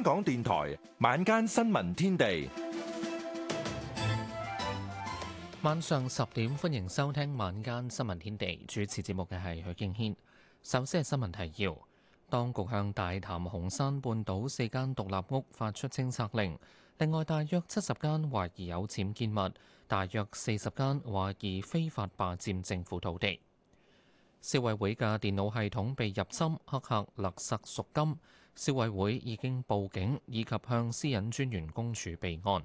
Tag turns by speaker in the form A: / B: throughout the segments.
A: 香港電台晚間新聞天地，
B: 晚上十點歡迎收聽晚間新聞天地。主持節目嘅係許敬軒。首先係新聞提要：當局向大潭紅山半島四間獨立屋發出清拆令，另外大約七十間懷疑有僭建物，大約四十間懷疑非法霸佔政府土地。消委會嘅電腦系統被入侵，黑客勒索贖金。消委會已經報警，以及向私隱專員公署備案。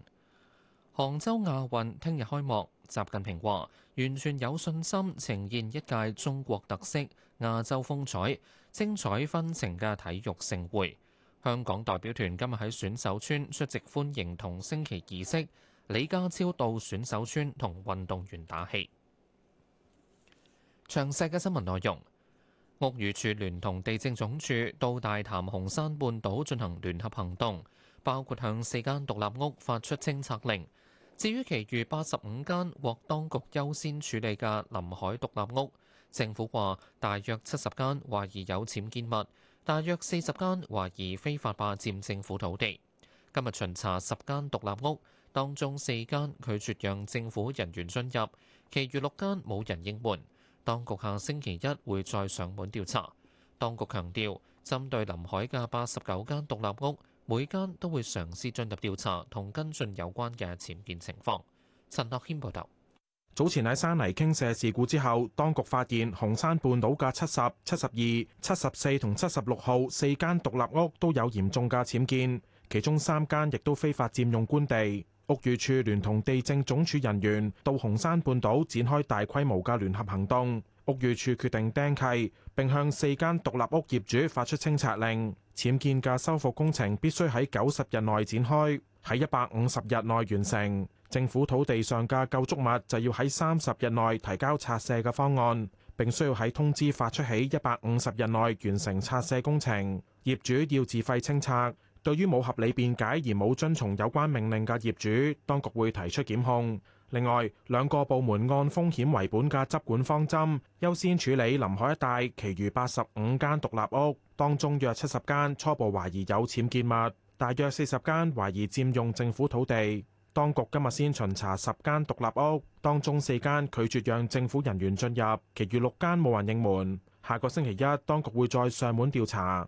B: 杭州亞運聽日開幕，習近平話完全有信心呈現一屆中國特色、亞洲風采、精彩紛呈嘅體育盛會。香港代表團今日喺選手村出席歡迎同升旗儀式，李家超到選手村同運動員打氣。詳細嘅新聞內容。屋宇署聯同地政總署到大潭紅山半島進行聯合行動，包括向四間獨立屋發出清拆令。至於其餘八十五間獲當局優先處理嘅臨海獨立屋，政府話大約七十間懷疑有僭建物，大約四十間懷疑非法霸佔政府土地。今日巡查十間獨立屋，當中四間拒絕讓政府人員進入，其餘六間冇人應門。當局下星期一會再上門調查。當局強調，針對臨海嘅八十九間獨立屋，每間都會嘗試進入調查同跟進有關嘅僭建情況。陳樂謙報
A: 道，早前喺山泥傾瀉事故之後，當局發現紅山半島嘅七十、七十二、七十四同七十六號四間獨立屋都有嚴重嘅僭建，其中三間亦都非法佔用官地。屋宇署聯同地政總署人員到紅山半島展開大規模嘅聯合行動，屋宇署決定釘契，並向四間獨立屋業主發出清拆令。僭建嘅修復工程必須喺九十日內展開，喺一百五十日內完成。政府土地上嘅構築物就要喺三十日內提交拆卸嘅方案，並需要喺通知發出起一百五十日內完成拆卸工程。業主要自費清拆。對於冇合理辯解而冇遵從有關命令嘅業主，當局會提出檢控。另外，兩個部門按風險為本嘅執管方針，優先處理臨海一帶，其餘八十五間獨立屋，當中約七十間初步懷疑有僭建物，大約四十間懷疑佔用政府土地。當局今日先巡查十間獨立屋，當中四間拒絕讓政府人員進入，其餘六間冇人應門。下個星期一，當局會再上門調查。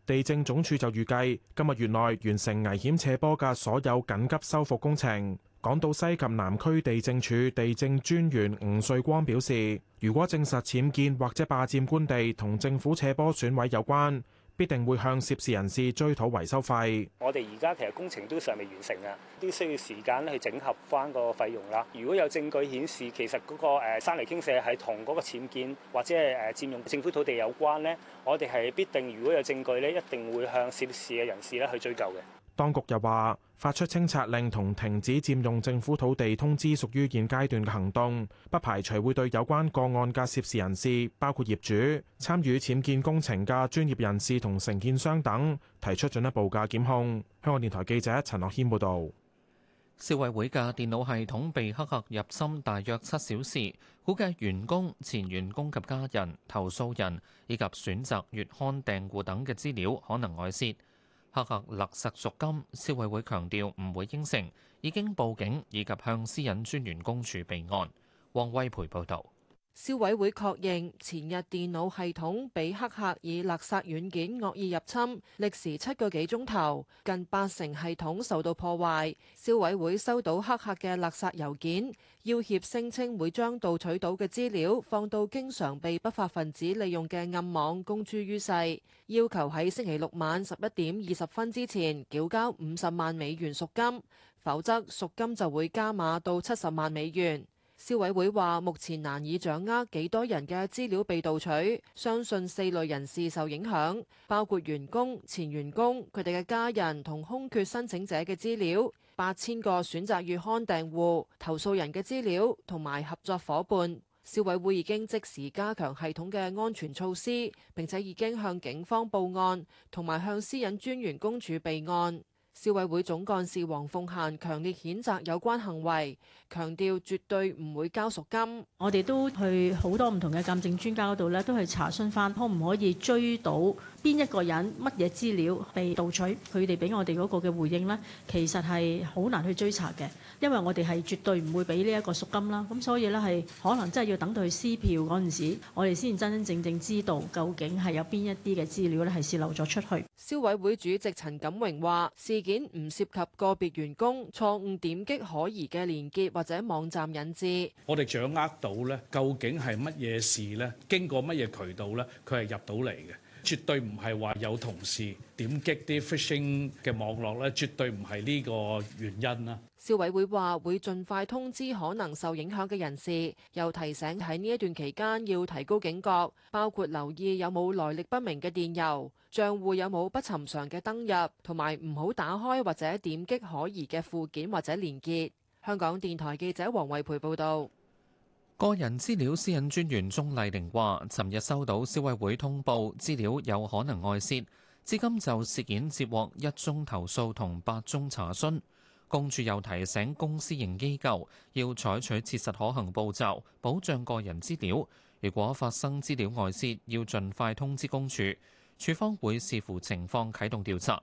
A: 地政總署就預計今日月內完成危險斜坡嘅所有緊急修復工程。港島西及南區地政處地政專員吳瑞光表示，如果證實僭建或者霸佔官地同政府斜坡損毀有關。必定會向涉事人士追討維修費。
C: 我哋而家其實工程都尚未完成啊，都需要時間咧去整合返個費用啦。如果有證據顯示其實嗰個山泥傾瀉係同嗰個僭建或者係誒佔用政府土地有關咧，我哋係必定如果有證據咧，一定會向涉事嘅人士咧去追究嘅。
A: 當局又話發出清拆令同停止佔用政府土地通知屬於現階段嘅行動，不排除會對有關個案嘅涉事人士，包括業主、參與僭建工程嘅專業人士同承建商等，提出進一步嘅檢控。香港電台記者陳樂軒報道。消委會嘅電腦系統被黑客入
B: 侵大約七小時，估計員工、前員工及家人、投訴人以及選擇月刊訂戶等嘅資料可能外泄。黑客勒索贖金，消委會強調唔會應承，已經報警以及向私隱專員公署備案。黃威培報道。
D: 消委會確認前日電腦系統俾黑客以勒索軟件惡意入侵，歷時七個幾鐘頭，近八成系統受到破壞。消委會收到黑客嘅勒索郵件，要挾聲稱會將盜取到嘅資料放到經常被不法分子利用嘅暗網公諸於世，要求喺星期六晚十一點二十分之前繳交五十萬美元贖金，否則贖金就會加碼到七十萬美元。消委會話，目前難以掌握幾多人嘅資料被盜取，相信四類人士受影響，包括員工、前員工、佢哋嘅家人同空缺申請者嘅資料，八千個選擇月刊訂戶、投訴人嘅資料同埋合作伙伴。消委會已經即時加強系統嘅安全措施，並且已經向警方報案，同埋向私隱專員公署備案。消委會總幹事黃鳳嫻強烈譴責有關行為，強調絕
E: 對唔會交贖金。我哋都去好多唔同嘅鑑證專家嗰度咧，都去查詢翻，可唔可以追到？邊一個人乜嘢資料被盜取？佢哋俾我哋嗰個嘅回應呢？其實係好難去追查嘅，因為我哋係絕對唔會俾呢一個贖金啦。咁所以呢，係可能真係要等到佢撕票嗰陣時，我哋先真真正正知道究竟係有邊一啲嘅資料呢係洩漏咗出去。消委會主席陳錦榮話：
D: 事件唔涉及個別員工錯誤點擊可疑嘅連結或者網站
A: 引致。我哋掌握到呢，究竟係乜嘢事呢？經過乜嘢渠道呢？佢係入到嚟嘅。絕對唔係話有同事點擊啲 phishing 嘅網絡咧，絕對唔係呢個原因啦。
D: 消委會話會盡快通知可能受影響嘅人士，又提醒喺呢一段期間要提高警覺，包括留意有冇來歷不明嘅電郵，帳戶有冇不尋常嘅登入，同埋唔好打開或者點擊可疑嘅附件或者連結。香港電台記者黃慧培
B: 報道。個人資料私隱專員鍾麗玲話，尋日收到消委會通報，資料有可能外泄。至今就事件接獲一宗投訴同八宗查詢。公署又提醒公私營機構要採取切實可行步驟，保障個人資料。如果發生資料外泄，要盡快通知公署。處方會視乎情況啟動調查。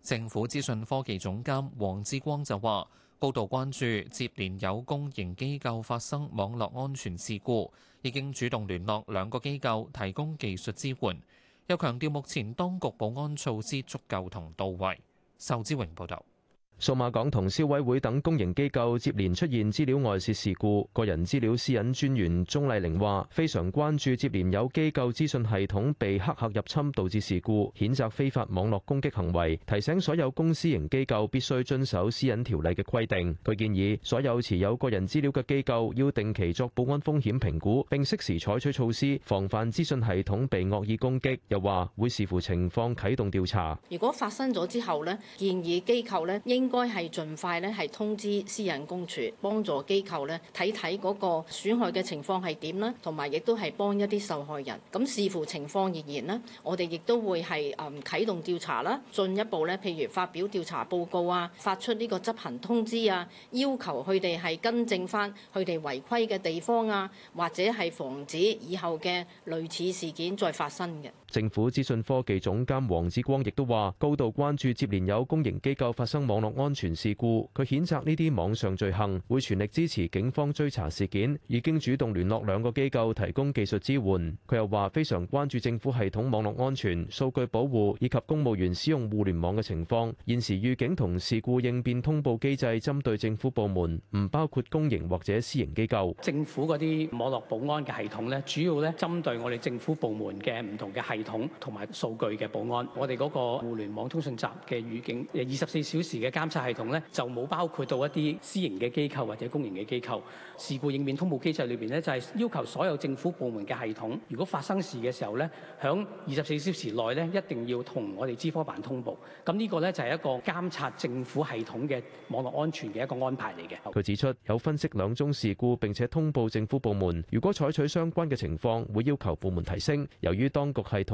B: 政府資訊科技總監黃志光就話。報道關注，接連有公營機構發生網絡安全事故，已經主動聯絡兩個機構提供技術支援，又強調目前當局保安措施足夠同到位。仇
F: 之榮報道。數碼港同消委會等公營機構接連出現資料外泄事故，個人資料私隱專員鍾麗玲話非常關注接連有機構資訊系統被黑客入侵導致事故，譴責非法網絡攻擊行為，提醒所有公私營機構必須遵守私隱條例嘅規定。佢建議所有持有個人資料嘅機構要定期作保安風險評估，並適時採取措施防範資訊系統被惡意攻擊。又話會視乎情況啟動調查。
E: 如果發生咗之後呢，建議機構呢應。應該係盡快咧，係通知私人公署，幫助機構咧睇睇嗰個損害嘅情況係點啦，同埋亦都係幫一啲受害人。咁視乎情況而言啦，我哋亦都會係、嗯、啟動調查啦，進一步咧，譬如發表調查報告啊，發出呢個執行通知啊，要求佢哋係更正返佢哋違規嘅地方啊，或者係防止以後嘅類似事件再
B: 發生嘅。
F: 政府資訊科技總監黃志光亦都話：高度關注接連有公營機構發生網絡安全事故。佢譴責呢啲網上罪行，會全力支持警方追查事件。已經主動聯絡兩個機構提供技術支援。佢又話：非常關注政府系統網絡安全、數據保護以及公務員使用互聯網嘅情況。現時預警同事故應變通報機制針對政府部門，唔包括公營或者私營機構。
B: 政府嗰啲網
F: 絡保安嘅系統呢，主要咧針對我哋政府部門
B: 嘅唔同嘅系統。同同埋數據嘅保安，我哋嗰個互聯網通訊站嘅預警，二十四小時嘅監察系統呢，就冇包括到一啲私營嘅機構或者公營嘅機構。事故應變通報機制裏邊呢，就係要求所有政府部門嘅系統，如果發生事嘅時候呢，響二十四小時內呢，一定要同我哋資科辦通報。咁呢個呢，就係一個監察政府系統嘅網絡安全嘅一個安排嚟嘅。
F: 佢指出，有分析兩宗事故並且通報政府部門，如果採取相關嘅情況，會要求部門提升。由於當局系統。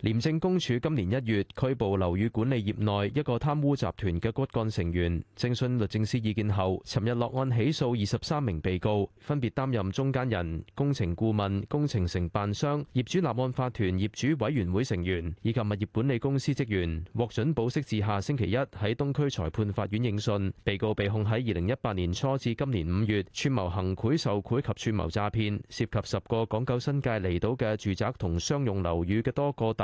F: 廉政公署今年一月拘捕樓宇管理業內一個貪污集團嘅骨幹成員，徵詢律政司意見後，尋日落案起訴二十三名被告，分別擔任中間人、工程顧問、工程承辦商、業主立案法團、業主委員會成員以及物業管理公司職員，獲准保釋至下星期一喺東區裁判法院應訊。被告被控喺二零一八年初至今年五月串謀行賄受賄及串謀詐騙，涉及十個港九新界離島嘅住宅同商用樓宇嘅多個大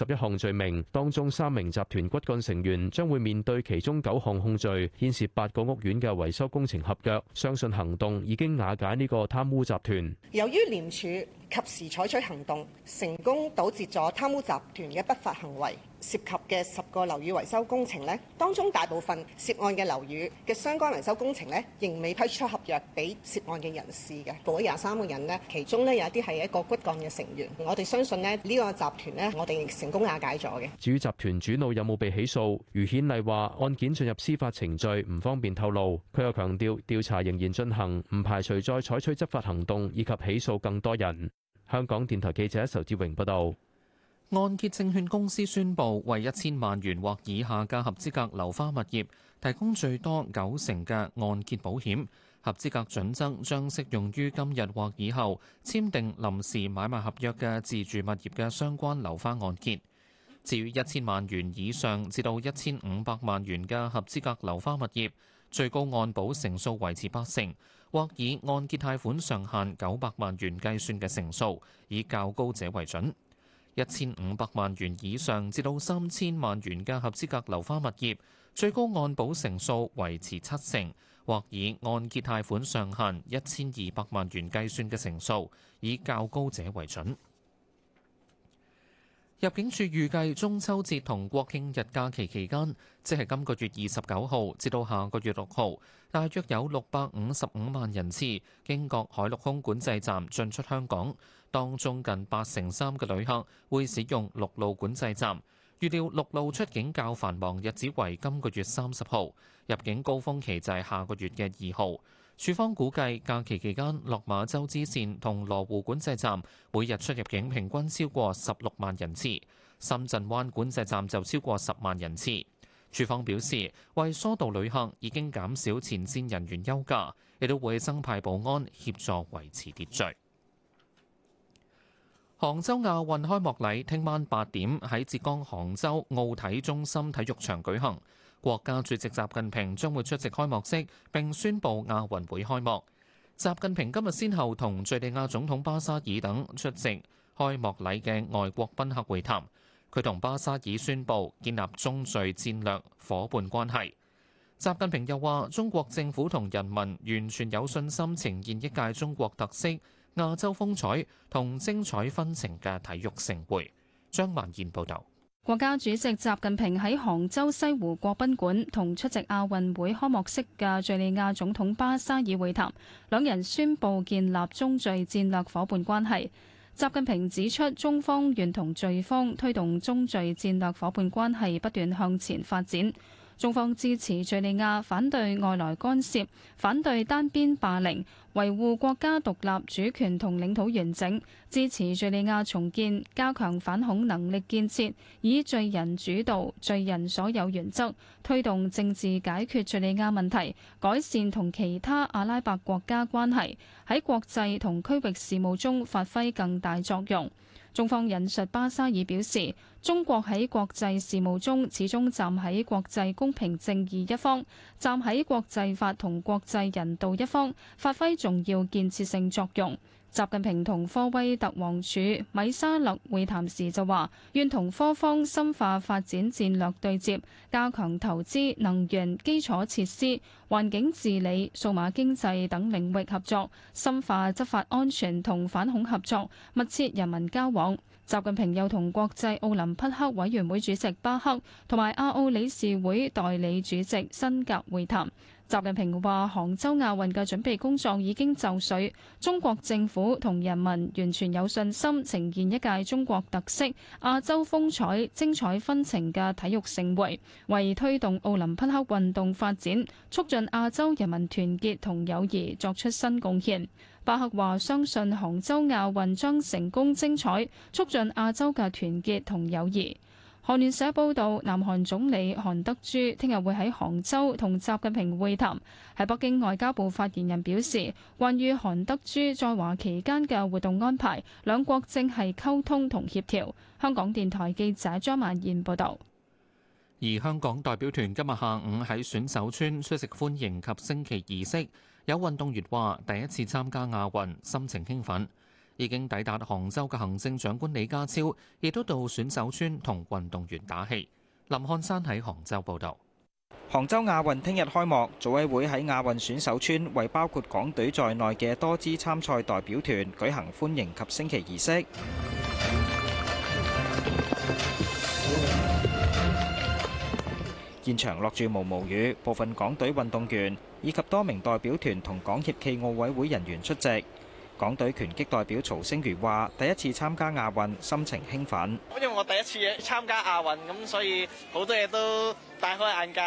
F: 十一項罪名當中，三名集團骨幹成員將會面對其中九項控罪，牽涉八個屋苑嘅維修工程合約。相信行動已經瓦解呢個貪污集團。
G: 由於廉署及時採取行動，成功堵截咗貪污集團嘅不法行為。涉及嘅十個樓宇維修工程咧，當中大部分涉案嘅樓宇嘅相關維修工程咧，仍未批出合約俾涉案嘅人士嘅。嗰廿三個人咧，其中咧有一啲係一個骨幹嘅成員。我哋相信咧，呢個集團咧，我哋亦成功瓦解咗嘅。
F: 至於集團主腦有冇被起訴，余顯麗話案件進入司法程序，唔方便透露。佢又強調調查仍然進行，唔排除再採取執法行動以及起訴更多人。香港電台記者仇志榮報道。
B: 按揭證券公司宣布，為一千萬元或以下嘅合資格樓花物業提供最多九成嘅按揭保險，合資格準則將適用於今日或以後簽訂臨時買賣合約嘅自住物業嘅相關樓花按揭。至於一千萬元以上至到一千五百萬元嘅合資格樓花物業，最高按保成數維持八成，或以按揭貸款上限九百萬元計算嘅成數，以較高者為準。一千五百萬元以上至到三千萬元嘅合資格樓花物業，最高按保成數維持七成，或以按揭貸款上限一千二百萬元計算嘅成數，以較高者為準。入境處預計中秋節同國慶日假期期間，即係今個月二十九號至到下個月六號，大約有六百五十五萬人次經過海陸空管制站進出香港，當中近八成三嘅旅客會使用陸路管制站。預料陸路出境較繁忙日子為今個月三十號，入境高峰期就係下個月嘅二號。處方估計假期期間，落馬洲支線同羅湖管制站每日出入境平均超過十六萬人次，深圳灣管制站就超過十萬人次。處方表示，為疏導旅客，已經減少前線人員休假，亦都會增派保安協助維持秩序。杭州亞運開幕禮聽晚八點喺浙江杭州奧體中心體育場舉行。國家主席習近平將會出席開幕式，並宣佈亞運會開幕。習近平今日先後同敘利亞總統巴沙爾等出席開幕禮嘅外國賓客會談。佢同巴沙爾宣佈建立中敘戰略夥伴關係。習近平又話：中國政府同人民完全有信心呈現一屆中國特色、亞洲風采同精彩紛呈嘅體育盛會。
H: 張萬賢報道。國家主席習近平喺杭州西湖國賓館同出席亞運會開幕式嘅敘利亞總統巴沙爾會談，兩人宣布建立中敘戰略伙伴關係。習近平指出，中方願同敘方推動中敘戰略伙伴關係不斷向前發展。中方支持敍利亞反對外來干涉，反對單邊霸凌，維護國家獨立主權同領土完整，支持敍利亞重建，加強反恐能力建設，以敍人主導、敍人所有原則推動政治解決敍利亞問題，改善同其他阿拉伯國家關係，喺國際同區域事務中發揮更大作用。中方引述巴沙爾表示，中國喺國際事務中始終站喺國際公平正義一方，站喺國際法同國際人道一方，發揮重要建設性作用。習近平同科威特王儲米沙勒會談時就話，願同科方深化發展戰略對接，加強投資、能源、基礎設施、環境治理、數碼經濟等領域合作，深化執法安全同反恐合作，密切人民交往。習近平又同國際奧林匹克委員會主席巴克同埋亞奧理事會代理主席辛格會談。習近平話：杭州亞運嘅準備工作已經就緒，中國政府同人民完全有信心呈現一屆中國特色、亞洲風采、精彩紛呈嘅體育盛會，為推動奧林匹克運動發展、促進亞洲人民團結同友誼作出新貢獻。巴赫話：相信杭州亞運將成功、精彩，促進亞洲嘅團結同友誼。韓聯社報道，南韓總理韓德珠聽日會喺杭州同習近平會談。喺北京外交部發言人表示，關於韓德珠在華期間嘅活動安排，兩國正係溝通同協調。香港電台記者張曼燕報導。
B: 而香港代表團今日下午喺選手村出席歡迎及升旗儀式，有運動員話：第一次參加亞運，心情興奮。已經抵達杭州嘅行政長官李家超，亦都到選手村同運動員打氣。林漢山喺杭州報導。杭州亞
I: 運聽日開幕，組委會喺亞運選手村為包括港隊在內嘅多支參賽代表團舉行歡迎及升旗儀式。現場落住毛毛雨，部分港隊運動員以及多名代表團同港協暨奧委會人員出席。港隊拳擊代表曹星如話：第一次參加亞運，心情興奮。
B: 因為我
F: 第一次參加亞運，咁所以好多嘢都大開眼界。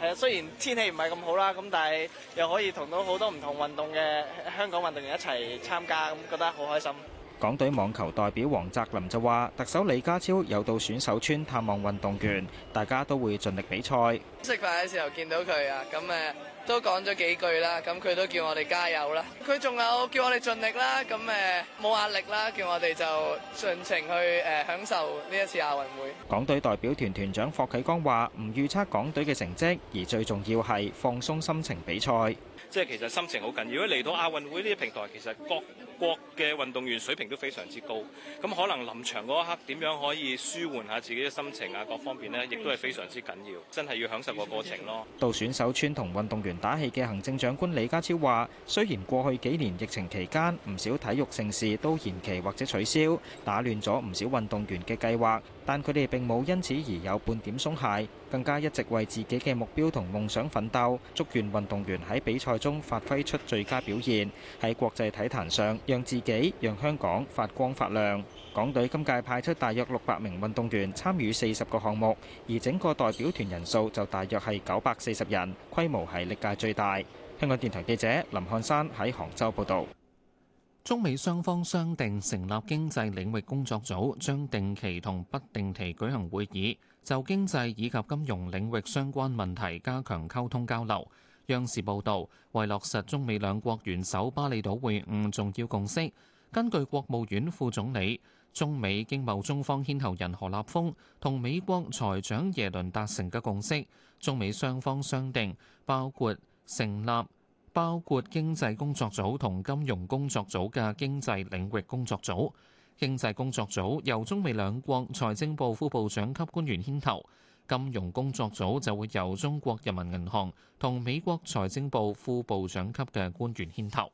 F: 係啊，雖然
C: 天氣唔係咁好啦，咁但係又可以同到好多唔同運動嘅香港運動員一齊參加，咁覺得好開心。
I: 港隊網球代表黃澤林就話：特首李家超有到選手村探望運動員，大家都會盡力比賽。
C: 食飯嘅時候見
J: 到佢啊，咁誒。都講咗幾句啦，咁佢都叫我哋加油啦。佢仲有叫我哋盡力啦，咁誒冇壓力啦，叫我哋就盡情去誒享受呢
F: 一次亞運會。
I: 港隊代表團團長霍啟剛話：唔預測港隊嘅成績，而最重要係放鬆心情比賽。
F: 即係其實心情好緊要，如果嚟到亞運會呢啲平台，其實各國嘅運動員水平都非常之高。咁可能臨場嗰一刻點樣可以舒緩下自己嘅心情啊，各方面呢亦都係非常之緊要。真係要享受個過、過程咯。到
I: 選手村同運動員打氣嘅行政長官李家超話，雖然過去幾年疫情期間，唔少體育盛事都延期或者取消，打亂咗唔少運動員嘅計劃，但佢哋並冇因此而有半點鬆懈。更加一直為自己嘅目標同夢想奮鬥，祝願運動員喺比賽中發揮出最佳表現，喺國際體壇上讓自己、讓香港發光發亮。港隊今屆派出大約六百名運動員參與四十個項目，而整個代表團人數就大約係九百四十人，
B: 規模係歷屆最大。香港電台記者林漢山喺杭州報導。中美雙方商定成立經濟領域工作組，將定期同不定期舉行會議。就經濟以及金融領域相關問題加強溝通交流。央視報道，為落實中美兩國元首巴厘島會晤重要共識，根據國務院副總理、中美經貿中方牽頭人何立峰同美國財長耶倫達成嘅共識，中美雙方商定，包括成立包括經濟工作組同金融工作組嘅經濟領域工作組。經濟工作組由中美兩國財政部副部長級官員牽頭，金融工作組就會由中國人民銀行同美國財政部副部長級嘅官員牽頭。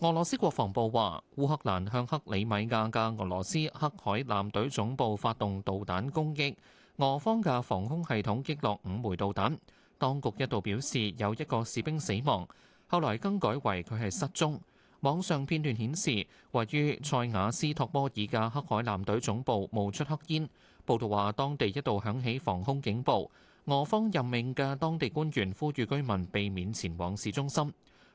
B: 俄羅斯國防部話，烏克蘭向克里米亞嘅俄羅斯黑海艦隊總部發動導彈攻擊，俄方嘅防空系統擊落五枚導彈。當局一度表示有一個士兵死亡，後來更改為佢係失蹤。網上片段顯示，位於塞瓦斯托波爾嘅黑海艦隊總部冒出黑煙。報道話，當地一度響起防空警報。俄方任命嘅當地官員呼籲居民避免前往市中心。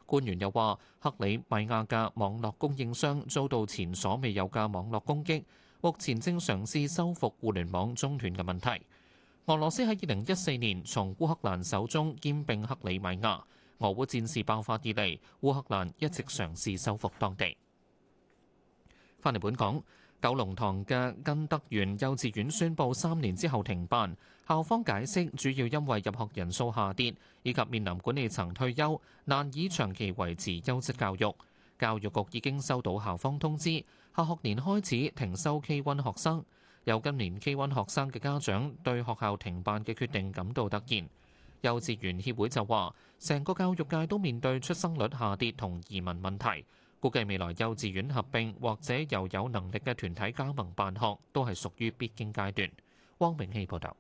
B: 官員又話，克里米亞嘅網絡供應商遭到前所未有嘅網絡攻擊，目前正嘗試修復互聯網中斷嘅問題。俄羅斯喺二零一四年從烏克蘭手中兼併克里米亞。俄烏戰事爆發以嚟，烏克蘭一直嘗試收復當地。翻嚟本港，九龍塘嘅根德園幼稚園宣布三年之後停辦，校方解釋主要因為入學人數下跌，以及面臨管理層退休，難以長期維持優質教育。教育局已經收到校方通知，下學年開始停收 K1 學生。有今年 K1 學生嘅家長對學校停辦嘅決定感到愕然。幼稚園協會就話，成個教育界都面對出生率下跌同移民問題，估計未來幼稚園合併或者又有能力嘅團體加盟辦學，都係屬於必經階段。汪永希報道。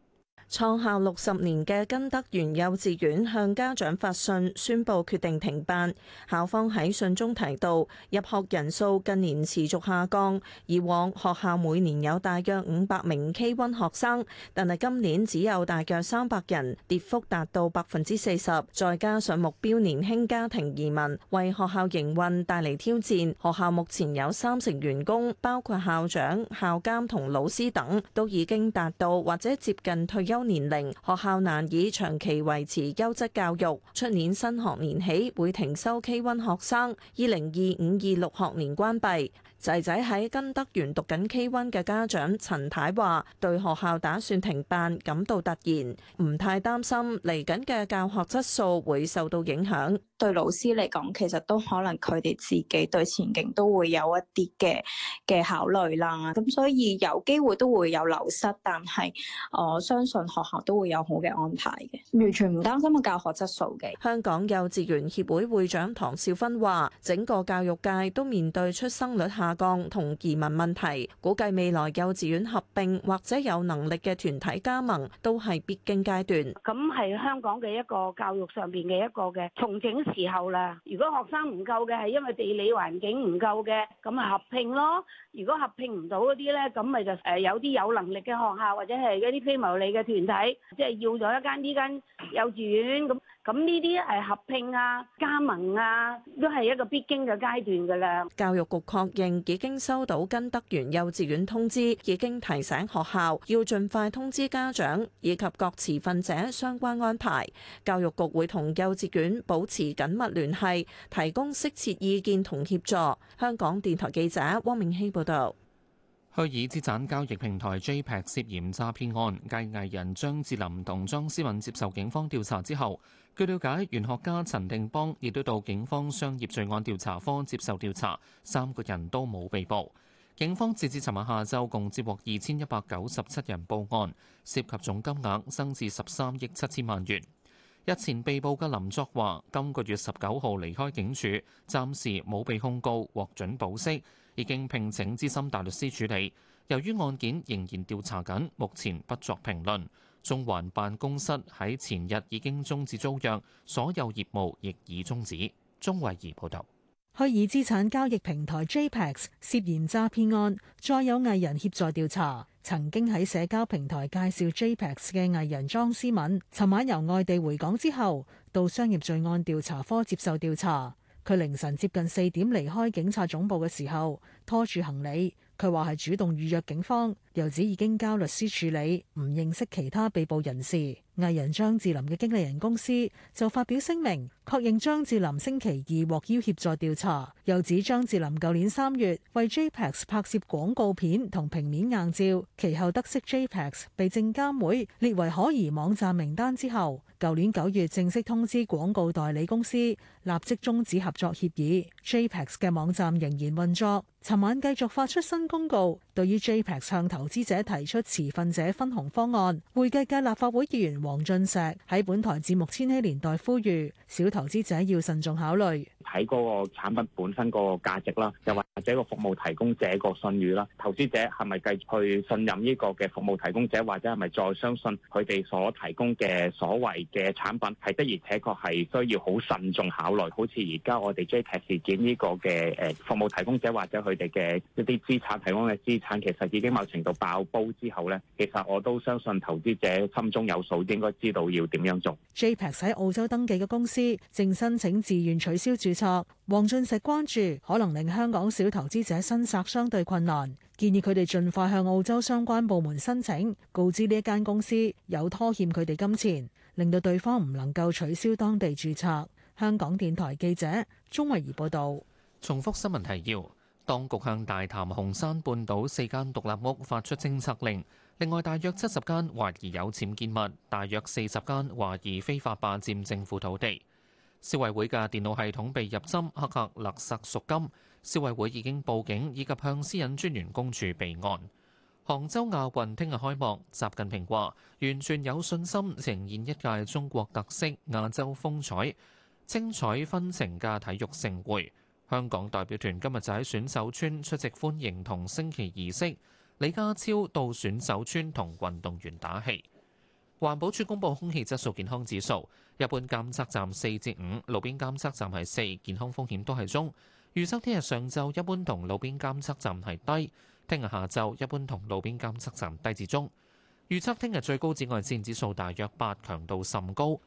J: 創校六十年嘅根德園幼稚園向家長發信，宣布決定停辦。校方喺信中提到，入學人數近年持續下降，以往學校每年有大約五百名 K1 學生，但係今年只有大約三百人，跌幅達到百分之四十。再加上目標年輕家庭移民，為學校營運帶嚟挑戰。學校目前有三成員工，包括校長、校監同老師等，都已經達到或者接近退休。年齡，學校難以長期維持優質教育，出年新學年起會停收 K1 學生，二零二五二六學年關閉。仔仔喺根德園讀緊 K1 嘅家長陳太話，對學校打算停辦感到突然，唔太擔心嚟緊嘅教學質素會受到影響。對老師嚟講，其實都可能佢哋自己對前景都會有一啲嘅嘅考慮啦。咁所以有機會都會有流失，但係我相信學校都會有好嘅安排嘅。完全唔擔心個教學質素嘅。香港幼稚園協會會長唐少芬話，整個教育界都面對出生率下降同移民問題，估計未來幼稚園合併或者有能力嘅團體加盟都係必經階段。咁係香港嘅一個教育上邊嘅一個嘅重整。時候啦，如果學生唔夠嘅係因為地理環境唔夠嘅，咁啊合併咯。如果合併唔到嗰啲呢，咁咪就誒有啲有能力嘅學校或者係嗰啲非牟利嘅團體，即係要咗一間呢間幼稚園咁。咁呢啲係合併啊、加盟啊，都係一個必經嘅階段㗎啦。教育局確認已經收到根德園幼稚園通知，已經提醒學校要盡快通知家長以及各持份者相關安排。教育局會同幼稚園保持緊密聯繫，提供適切意見同協助。香港電台記者汪明希報導。
B: 虛擬資產交易平台 JPEX 涉嫌詐騙案，繼藝人張智霖同莊思敏接受警方調查之後。據了解，玄學家陳定邦亦都到警方商業罪案調查科接受調查，三個人都冇被捕。警方截至尋日下晝，共接獲二千一百九十七人報案，涉及總金額升至十三億七千萬元。日前被捕嘅林作話：今個月十九號離開警署，暫時冇被控告，獲准保釋，已經聘請資深大律師處理。由於案件仍然調查緊，目前不作評論。中環辦公室喺前日已經終止租約，所有業務亦已終止。鍾慧儀報導。虛擬
G: 資產交易平台 JPEX 涉嫌詐騙案，再有藝人協助調查。曾經喺社交平台介紹 JPEX 嘅藝人莊思敏，尋晚由外地回港之後，到商業罪案調查科接受調查。佢凌晨接近四點離開警察總部嘅時候，拖住行李。佢話係主動預約警方，又指已經交律師處理，唔認識其他被捕人士。藝人張智霖嘅經理人公司就發表聲明，確認張智霖星期二獲邀協助調查。又指張智霖舊年三月為 JPEX 拍攝廣告片同平面硬照，其後得悉 JPEX 被證監會列為可疑網站名單之後，舊年九月正式通知廣告代理公司立即終止合作協議。JPEX 嘅網站仍然運作，尋晚繼續發出新公告，對於 JPEX 向投資者提出持份者分紅方案，會計界立法會議員，黃俊石喺本台節目《千禧年代》呼籲小投資者要慎重考慮，
C: 睇嗰個產品本身嗰個價值啦，又或者個服務提供者個信譽啦，投資者係咪繼續去信任呢個嘅服務提供者，或者係咪再相信佢哋所提供嘅所謂嘅產品，係的而且確係需要好慎重考慮。好似而家我哋 JPEX 事件呢個嘅誒服務提供者或者佢哋嘅一啲資產提供嘅資產，其實已經某程度爆煲之後咧，其實我都相信投資者心中有數。應該
G: 知道要點樣做。JPEX 喺澳洲登記嘅公司正申請自願取消註冊。黃俊石關注可能令香港小投資者申索相對困難，建議佢哋盡快向澳洲相關部門申請，告知呢間公司有拖欠佢哋金錢，令到對方唔能夠取消當地註冊。香港電台記者鍾慧儀報道。
B: 重複新聞提要：當局向大潭紅山半島四間獨立屋發出偵測令。另外，大約七十間懷疑有僭建物，大約四十間懷疑非法霸佔政府土地。消委會嘅電腦系統被入侵黑客勒索贖金，消委會已經報警以及向私隱專員公署備案。杭州亞運聽日開幕，習近平話完全有信心呈現一屆中國特色、亞洲風采、精彩紛呈嘅體育盛會。香港代表團今日就喺選手村出席歡迎同升旗儀式。李家超到選手村同運動員打氣。環保署公布空氣質素健康指數，一般監測站四至五，路邊監測站係四，健康風險都係中。預測聽日上晝一般同路邊監測站係低，聽日下晝一般同路邊監測站低至中。預測聽日最高紫外線指數大約八，強度甚高。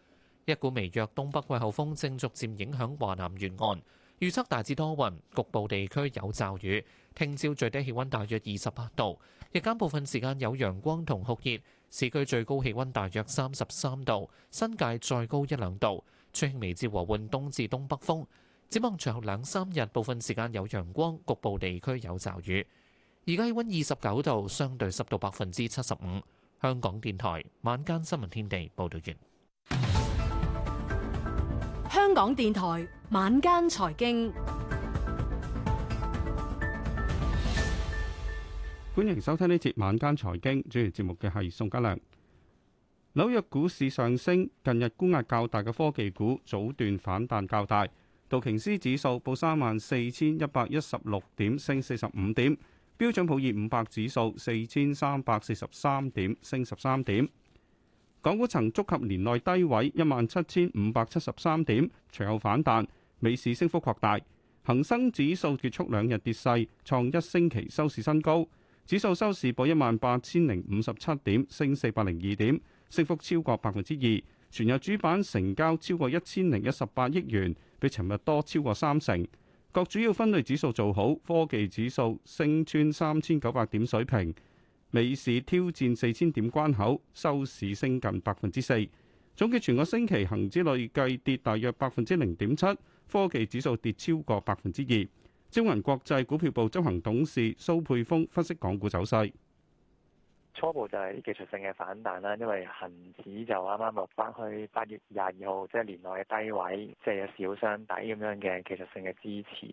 B: 一股微弱東北季候風正逐漸影響華南沿岸，預測大致多雲，局部地區有驟雨。聽朝最低氣溫大約二十八度，日間部分時間有陽光同酷熱，市區最高氣溫大約三十三度，新界再高一兩度，吹輕微至和緩東至東北風。展望隨後兩三日，部分時間有陽光，局部地區有驟雨。而家氣溫二十九度，相對濕度百分之七十五。香港電台晚間新聞天地報道完。
G: 香港電台晚間財經。
K: 歡迎收聽呢節晚間財經，主持節目嘅係宋家良。紐約股市上升，近日沽壓較大嘅科技股早段反彈較大。道瓊斯指數報三萬四千一百一十六點，升四十五點。標準普爾五百指數四千三百四十三點，升十三點。港股曾觸及年內低位一萬七千五百七十三點，隨後反彈。美市升幅擴大，恒生指數結束兩日跌勢，創一星期收市新高。指數收市報一萬八千零五十七點，升四百零二點，升幅超過百分之二。全日主板成交超過一千零一十八億元，比尋日多超過三成。各主要分類指數做好，科技指數升穿三千九百點水平，美市挑戰四千點關口，收市升近百分之四。總結全個星期恒指累計跌，跌大約百分之零點七，科技指數跌超過百分之二。中銀國際股票部執行董事蘇佩峰分析港股走勢：
C: 初步就係技術性嘅反彈啦，因為恒指就啱啱落翻去八月廿二號，即係年內嘅低位，即係有小雙底咁樣嘅技術性嘅支持。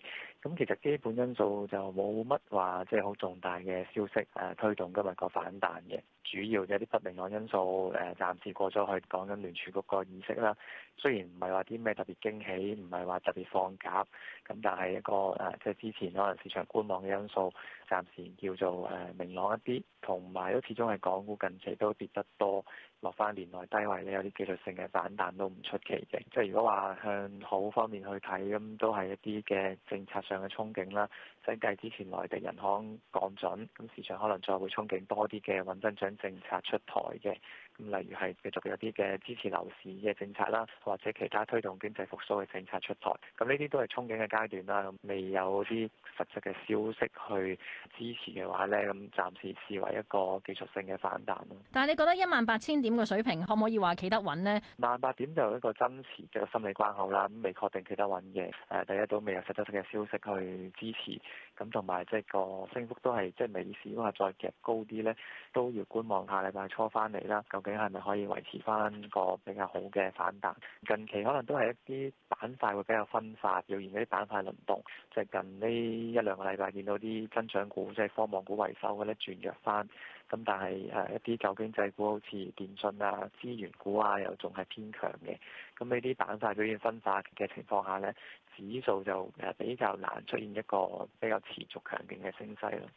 C: 咁其實基本因素就冇乜話即係好重大嘅消息，誒推動今日個反彈嘅。主要嘅一啲不明朗因素，誒、呃、暫時過咗去，講緊聯儲局個議息啦。雖然唔係話啲咩特別驚喜，唔係話特別放假，咁但係一個誒、呃，即係之前可能市場觀望嘅因素，暫時叫做誒、呃、明朗一啲，同埋都始終係港股近期都跌得多。落翻年內低位咧，有啲技術性嘅反彈都唔出奇嘅。即係如果話向好方面去睇，咁都係一啲嘅政策上嘅憧憬啦。整計之前內地人行降準，咁市場可能再會憧憬多啲嘅穩增長政策出台嘅。咁例如係繼續有啲嘅支持樓市嘅政策啦，或者其他推動經濟復甦嘅政策出台，咁呢啲都係憧憬嘅階段啦，未有啲實質嘅消息去支持嘅話呢，咁暫時視為一個技術性嘅反彈咯。
E: 但係你覺得一萬八千點嘅水平可唔可以話企得穩呢？
C: 萬八點就一個真實嘅心理關口啦，咁未確定企得穩嘅。誒，第一都未有實質性嘅消息去支持，咁同埋即係個升幅都係即係未至於話再夾高啲呢，都要觀望下禮拜初翻嚟啦。咁究竟係咪可以維持翻個比較好嘅反彈？近期可能都係一啲板塊會比較分化，表現一啲板塊輪動。即、就、係、是、近呢一兩個禮拜見到啲增長股，即係科網股為首嘅咧轉弱翻。咁但係誒一啲舊經濟股，好似電信啊、資源股啊，又仲係偏強嘅。咁呢啲板塊表現分化嘅情況下咧，指數就誒比較難出現一個比較持續強勁嘅升勢咯。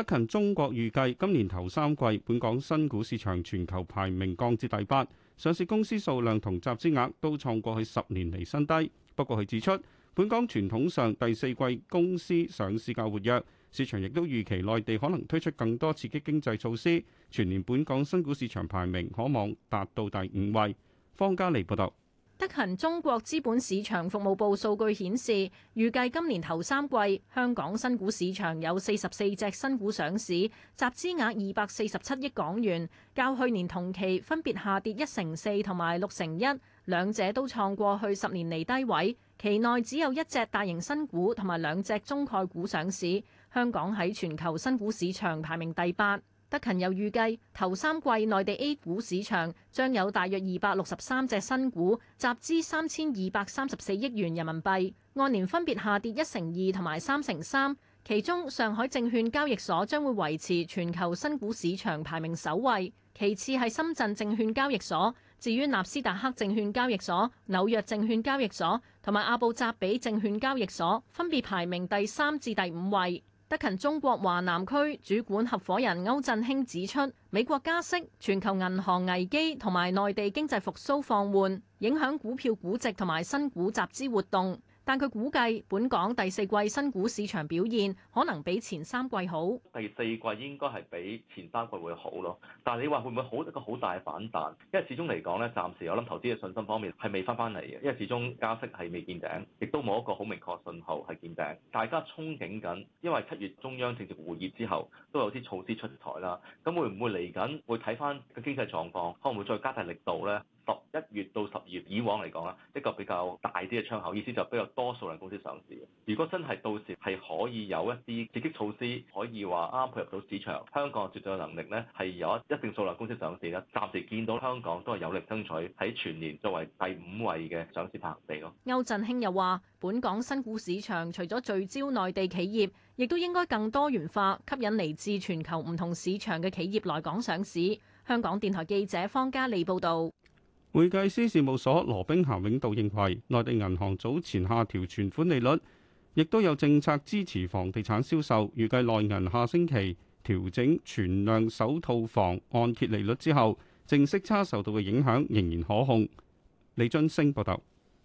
K: 德勤中國預計今年頭三季本港新股市場全球排名降至第八，上市公司數量同集資額都創過去十年嚟新低。不過佢指出，本港傳統上第四季公司上市較活躍，市場亦都預期內地可能推出更多刺激經濟措施，全年本港新股市場排名可望達到第五位。方嘉莉報道。
E: 德勤中國資本市場服務部數據顯示，預計今年頭三季香港新股市場有四十四隻新股上市，集資額二百四十七億港元，較去年同期分別下跌一成四同埋六成一，兩者都創過去十年嚟低位。期內只有一隻大型新股同埋兩隻中概股上市，香港喺全球新股市場排名第八。德勤又預計，頭三季內地 A 股市場將有大約二百六十三隻新股集資三千二百三十四億元人民幣，按年分別下跌一成二同埋三成三。其中，上海證券交易所將會維持全球新股市場排名首位，其次係深圳證券交易所。至於納斯達克證券交易所、紐約證券交易所同埋阿布扎比證券交易所，分別排名第三至第五位。德勤中國華南區主管合夥人歐振興指出，美國加息、全球銀行危機同埋內地經濟復蘇放緩，影響股票估值同埋新股集資活動。但佢估計本港第四季新股市場表現可能比前三季好。
F: 第四季應該係比前三季會好咯。但係你話會唔會好一個好大嘅反彈？因為始終嚟講咧，暫時我諗投資嘅信心方面係未翻翻嚟嘅。因為始終加息係未見頂，亦都冇一個好明確信號係見頂。大家憧憬緊，因為七月中央政治會議之後都有啲措施出台啦。咁會唔會嚟緊會睇翻個經濟狀況，可能會唔會再加大力度咧？十一月到十二月，以往嚟講咧，一個比較大啲嘅窗口，意思就比較多數量公司上市。如果真係到時係可以有一啲刺激措施，可以話啱配合到市場，香港絕對有能力咧係有一定數量公司上市啦，暫時見到香港都係有力爭取喺全
C: 年作為第五位嘅上市拍地。咯，
E: 歐振興又話，本港新股市場除咗聚焦內地企業，亦都應該更多元化，吸引嚟自全球唔同市場嘅企業來港上市。香港電台記者方嘉利報道。
K: 會計師事務所羅兵咸永道認為，內地銀行早前下調存款利率，亦都有政策支持房地產銷售。預計內銀下星期調整存量首套房按揭利率之後，淨息差受到嘅影響仍然可控。李津升報道。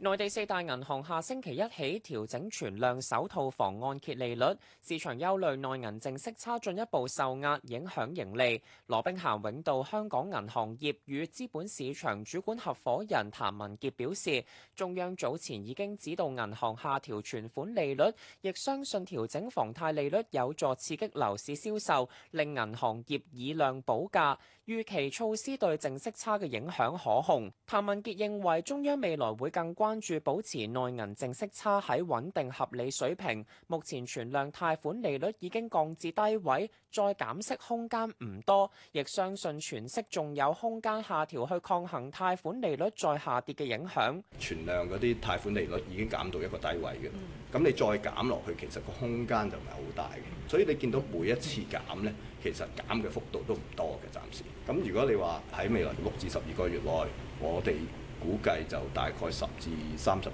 L: 內地四大銀行下星期一起調整存量首套房按揭利率，市場憂慮內，內銀淨息差進一步受壓，影響盈利。羅兵咸永道香港銀行業與資本市場主管合伙人譚文傑表示，中央早前已經指導銀行下調存款利率，亦相信調整房貸利率有助刺激樓市銷售，令銀行業以量補價。預期措施對淨息差嘅影響可控。譚文傑認為，中央未來會更關注保持內銀淨息差喺穩定合理水平。目前存量貸款利率已經降至低位，再減息空間唔多，亦相信全息仲有空間下調去抗衡貸款利率再下跌嘅影響。
F: 存量嗰啲貸款利率已經減到一個低位嘅，咁你再減落去，其實個空間就唔係好大嘅。所以你見到每一次減呢。其實減嘅幅度都唔多嘅，暫時。咁如果你話喺未來六至十二個月內，我哋估計就大概十至三十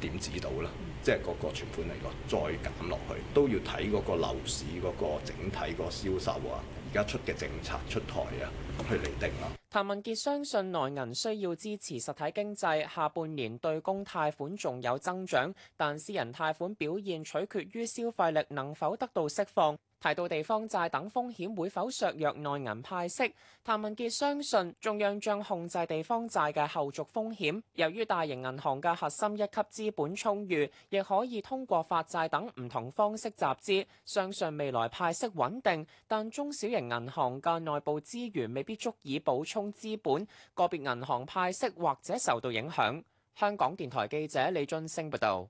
F: 點止到啦。嗯、即係個個存款嚟講，再減落去都要睇嗰個樓市嗰個整體個銷售啊，而家出嘅政策出台啊，去釐定啦。
L: 譚文傑相信內銀需要支持實體經濟，下半年對公貸款仲有增長，但私人貸款表現取決於消費力能否得到釋放。提到地方債等風險會否削弱內銀派息？譚文杰相信中央將控制地方債嘅後續風險。由於大型銀行嘅核心一級資本充裕，亦可以通過發債等唔同方式集資，相信未來派息穩定。但中小型銀行嘅內部資源未必足以補充資本，個別銀行派息或者受到影響。香港電台記者李俊升報道。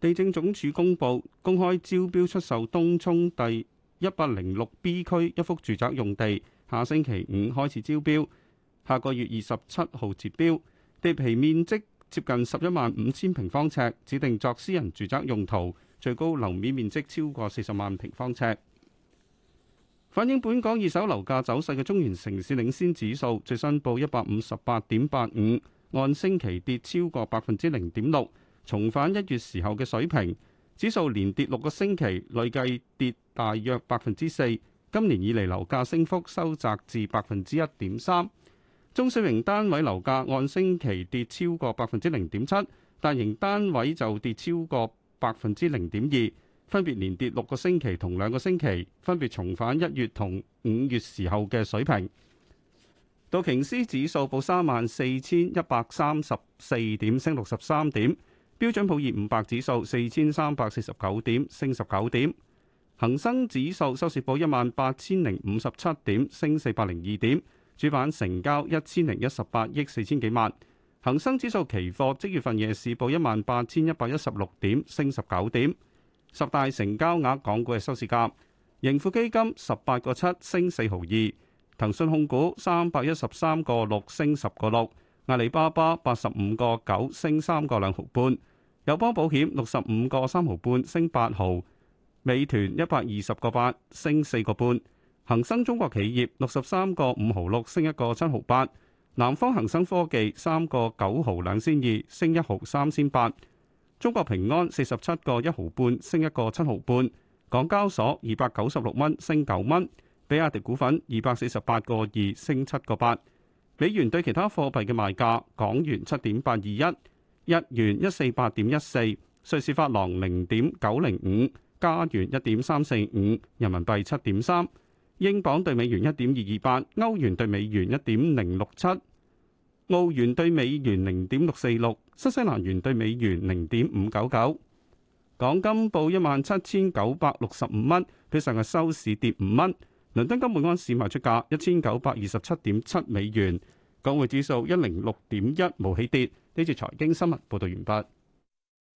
K: 地政總署公布公開招標出售東涌第。一百零六 B 區一幅住宅用地，下星期五開始招標，下個月二十七號截標。地皮面積接近十一萬五千平方尺，指定作私人住宅用途，最高樓面面積超過四十萬平方尺。反映本港二手樓價走勢嘅中原城市領先指數最新報一百五十八點八五，按星期跌超過百分之零點六，重返一月時候嘅水平。指數連跌六個星期，累計跌大約百分之四。今年以嚟樓價升幅收窄至百分之一點三。中小型單位樓價按星期跌超過百分之零點七，大型單位就跌超過百分之零點二，分別連跌六個星期同兩個星期，分別重返一月同五月時候嘅水平。道瓊斯指數報三萬四千一百三十四點，升六十三點。標準普爾五百指數四千三百四十九點，升十九點。恒生指數收市報一萬八千零五十七點，升四百零二點。主板成交一千零一十八億四千幾萬。恒生指數期貨即月份夜市報一萬八千一百一十六點，升十九點。十大成交額港股嘅收市價，盈富基金十八個七升四毫二，騰訊控股三百一十三個六升十個六。阿里巴巴八十五個九升三個兩毫半，友邦保險六十五個三毫半升八毫，美團一百二十個八升四個半，恒生中國企業六十三個五毫六升一個七毫八，南方恒生科技三個九毫兩千二升一毫三千八，中國平安四十七個一毫半升一個七毫半，港交所二百九十六蚊升九蚊，比亞迪股份二百四十八個二升七個八。美元對其他貨幣嘅賣價：港元七點八二一，日元一四八點一四，瑞士法郎零點九零五，加元一點三四五，人民幣七點三，英鎊對美元一點二二八，歐元對美元一點零六七，澳元對美元零點六四六，新西蘭元對美元零點五九九。港金報一萬七千九百六十五蚊，比上日收市跌五蚊。倫敦金每盎司賣出價一千九百二十七點七美元，港匯指數一零六點一冇起跌。呢次財經新聞報道完畢。